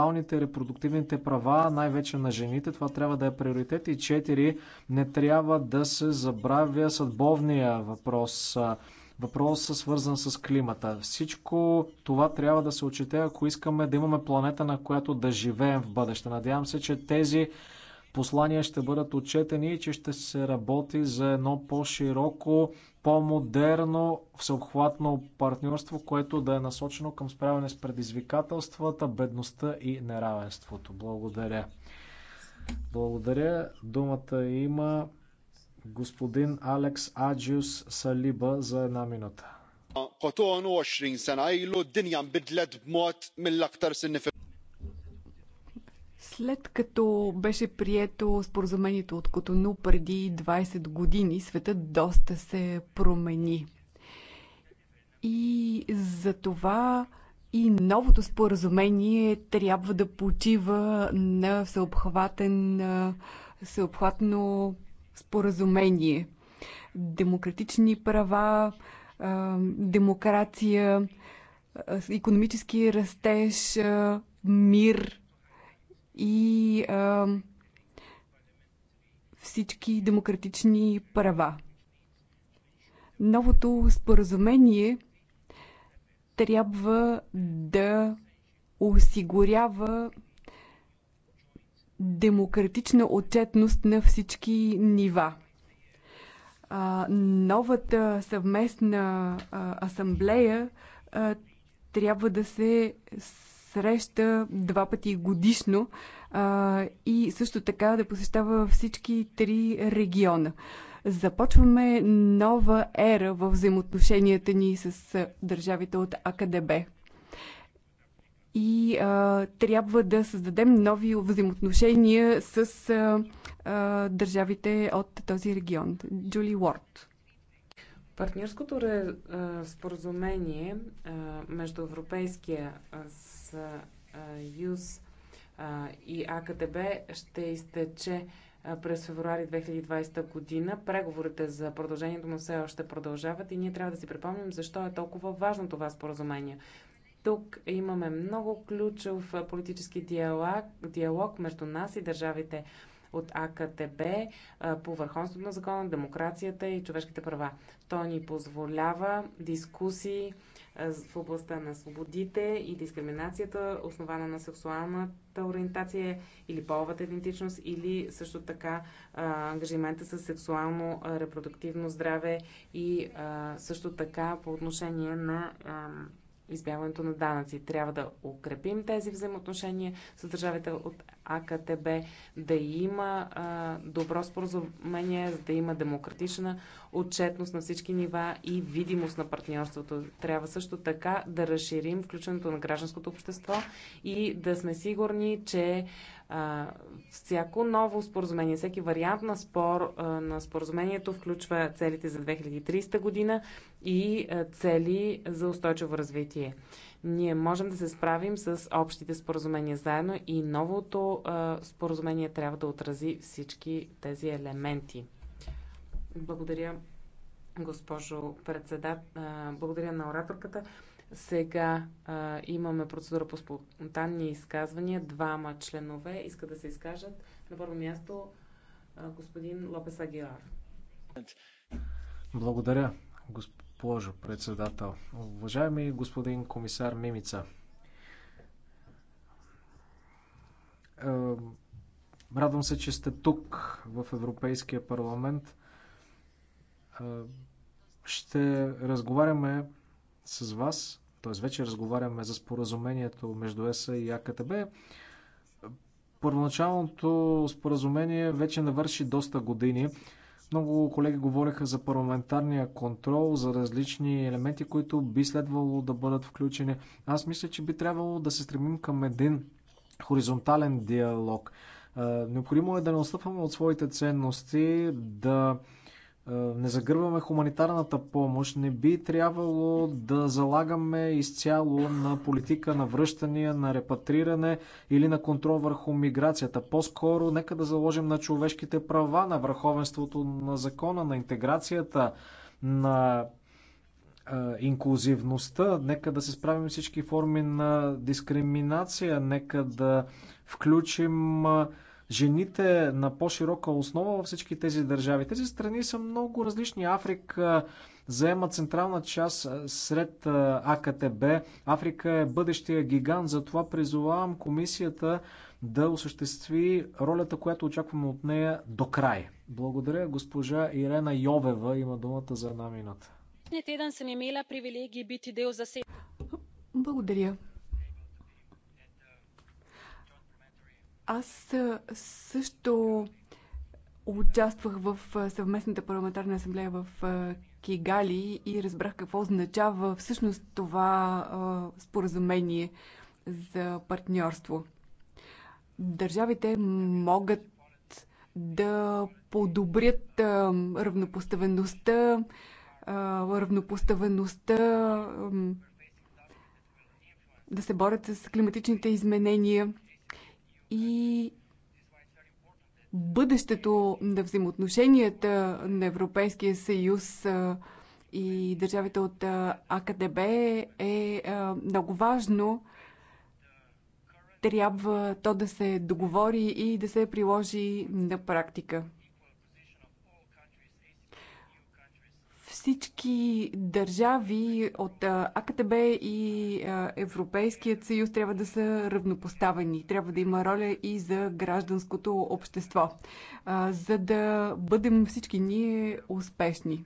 сексуалните репродуктивните права, най-вече на жените. Това трябва да е приоритет. И четири, не трябва да се забравя съдбовния въпрос. Въпросът свързан с климата. Всичко това трябва да се отчете, ако искаме да имаме планета, на която да живеем в бъдеще. Надявам се, че тези послания ще бъдат отчетени и че ще се работи за едно по-широко, по-модерно, всеобхватно партньорство, което да е насочено към справяне с предизвикателствата, бедността и неравенството. Благодаря. Благодаря. Думата има господин Алекс Аджиус Салиба за една минута. След като беше прието споразумението от Котону преди 20 години, светът доста се промени. И за това и новото споразумение трябва да почива на всеобхватен, всеобхватно споразумение. Демократични права, демокрация, економически растеж, мир и а, всички демократични права. Новото споразумение трябва да осигурява демократична отчетност на всички нива. А, новата съвместна а, асамблея а, трябва да се среща два пъти годишно а, и също така да посещава всички три региона. Започваме нова ера в взаимоотношенията ни с държавите от АКДБ. И а, трябва да създадем нови взаимоотношения с а, а, държавите от този регион. Джули Уорд. Партньорското споразумение между Европейския Съюз и АКТБ ще изтече през февруари 2020 година. Преговорите за продължението му все още продължават и ние трябва да си припомним защо е толкова важно това споразумение. Тук имаме много ключов политически диалог, диалог между нас и държавите от АКТБ по върховенството на закона, демокрацията и човешките права. Той ни позволява дискусии в областта на свободите и дискриминацията, основана на сексуалната ориентация или половата идентичност, или също така ангажимента с сексуално репродуктивно здраве и също така по отношение на избягването на данъци. Трябва да укрепим тези взаимоотношения с държавите от АКТБ, да има а, добро споразумение, да има демократична отчетност на всички нива и видимост на партньорството. Трябва също така да разширим включването на гражданското общество и да сме сигурни, че всяко ново споразумение, всеки вариант на, спор, на споразумението включва целите за 2030 година и цели за устойчиво развитие. Ние можем да се справим с общите споразумения заедно и новото споразумение трябва да отрази всички тези елементи. Благодаря, госпожо председател. Благодаря на ораторката. Сега а, имаме процедура по спонтанни изказвания. Двама членове искат да се изкажат. На първо място а, господин Лопес Агилар. Благодаря, госпожо председател. Уважаеми господин комисар Мимица, радвам се, че сте тук в Европейския парламент. Ще разговаряме с вас, т.е. вече разговаряме за споразумението между ЕСА и АКТБ. Първоначалното споразумение вече навърши доста години. Много колеги говориха за парламентарния контрол, за различни елементи, които би следвало да бъдат включени. Аз мисля, че би трябвало да се стремим към един хоризонтален диалог. Е, необходимо е да не отстъпваме от своите ценности, да е, не загърваме хуманитарната помощ, не би трябвало да залагаме изцяло на политика на връщания, на репатриране или на контрол върху миграцията. По-скоро нека да заложим на човешките права, на върховенството на закона, на интеграцията, на е, инклюзивността, нека да се справим всички форми на дискриминация, нека да включим е, жените на по-широка основа във всички тези държави. Тези страни са много различни. Африка заема централна част сред АКТБ. Африка е бъдещия гигант, затова призовавам комисията да осъществи ролята, която очакваме от нея до край. Благодаря. Госпожа Ирена Йовева има думата за една минута. Благодаря. Аз също участвах в съвместната парламентарна асамблея в Кигали и разбрах какво означава всъщност това споразумение за партньорство. Държавите могат да подобрят равнопоставеността, равнопоставеността, да се борят с климатичните изменения и бъдещето на взаимоотношенията на Европейския съюз и държавите от АКДБ е много важно. Трябва то да се договори и да се приложи на практика. Всички държави от АКТБ и Европейският съюз трябва да са равнопоставени. Трябва да има роля и за гражданското общество, за да бъдем всички ние успешни.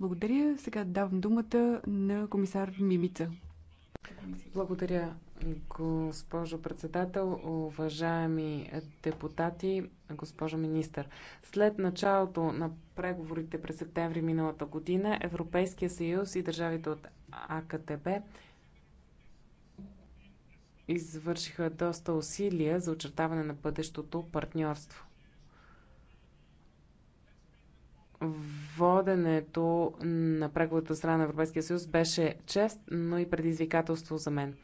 Благодаря. Сега давам думата на комисар Мимица. Благодаря, Госпожо председател, уважаеми депутати, госпожо министър. След началото на преговорите през септември миналата година, Европейския съюз и държавите от АКТБ извършиха доста усилия за очертаване на бъдещото партньорство. воденето на преговорите от страна на Европейския съюз беше чест, но и предизвикателство за мен.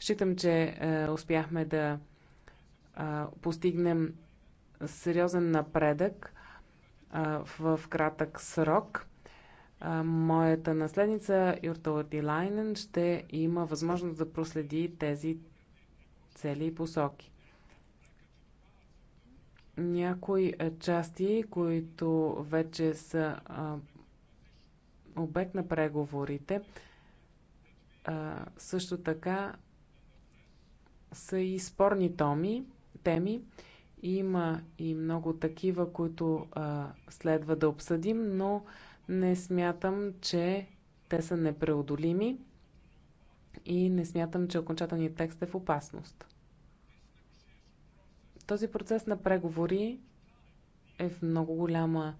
Считам, че е, успяхме да е, постигнем сериозен напредък е, в кратък срок. Е, моята наследница Юрта Латилайнен ще има възможност да проследи тези цели и посоки някои е, части, които вече са обект на преговорите, също така са и спорни томи, теми. Има и много такива, които следва да обсъдим, но не смятам, че те са непреодолими и не смятам, че окончателният текст е в опасност. Този процес на преговори е в много голяма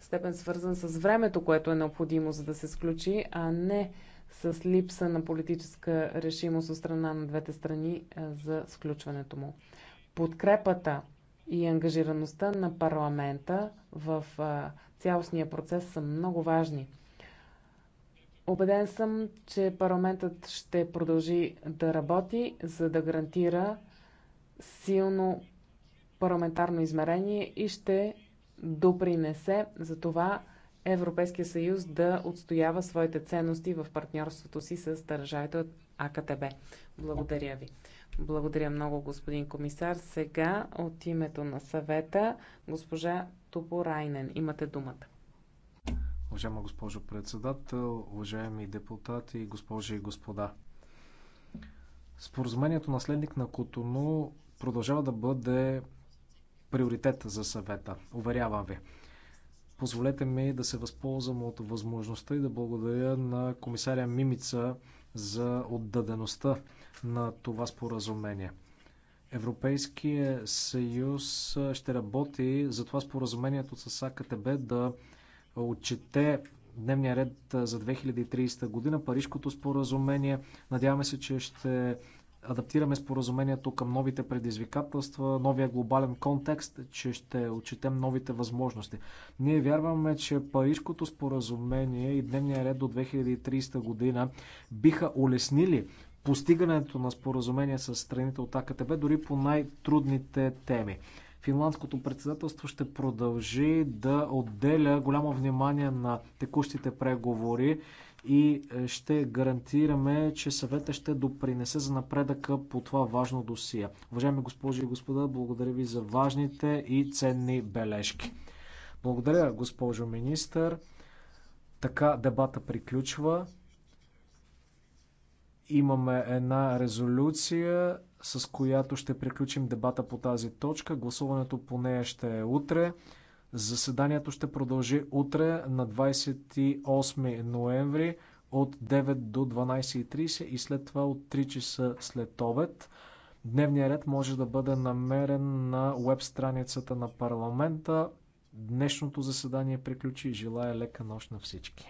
степен свързан с времето, което е необходимо за да се сключи, а не с липса на политическа решимост от страна на двете страни за сключването му. Подкрепата и ангажираността на парламента в цялостния процес са много важни. Обеден съм, че парламентът ще продължи да работи, за да гарантира силно парламентарно измерение и ще допринесе за това Европейския съюз да отстоява своите ценности в партньорството си с държавите от АКТБ. Благодаря ви. Благодаря много, господин комисар. Сега от името на съвета госпожа Топорайнен. Имате думата. Уважаема госпожо председател, уважаеми депутати, госпожи и господа. Споразумението наследник на Котону продължава да бъде приоритет за съвета, уверявам ви. Позволете ми да се възползвам от възможността и да благодаря на комисаря Мимица за отдадеността на това споразумение. Европейския съюз ще работи за това споразумението с АКТБ да отчете дневния ред за 2030 година, Парижкото споразумение. Надяваме се, че ще адаптираме споразумението към новите предизвикателства, новия глобален контекст, че ще отчетем новите възможности. Ние вярваме, че Парижското споразумение и дневния ред до 2030 година биха улеснили постигането на споразумение с страните от АКТБ дори по най-трудните теми. Финландското председателство ще продължи да отделя голямо внимание на текущите преговори и е, ще гарантираме, че съвета ще допринесе за напредъка по това важно досия. Уважаеми госпожи и господа, благодаря ви за важните и ценни бележки. Благодаря, госпожо министър. Така дебата приключва. Имаме една резолюция, с която ще приключим дебата по тази точка. Гласуването по нея ще е утре. Заседанието ще продължи утре на 28 ноември от 9 до 12.30 и след това от 3 часа след обед. Дневният ред може да бъде намерен на веб страницата на парламента. Днешното заседание приключи. Желая лека нощ на всички.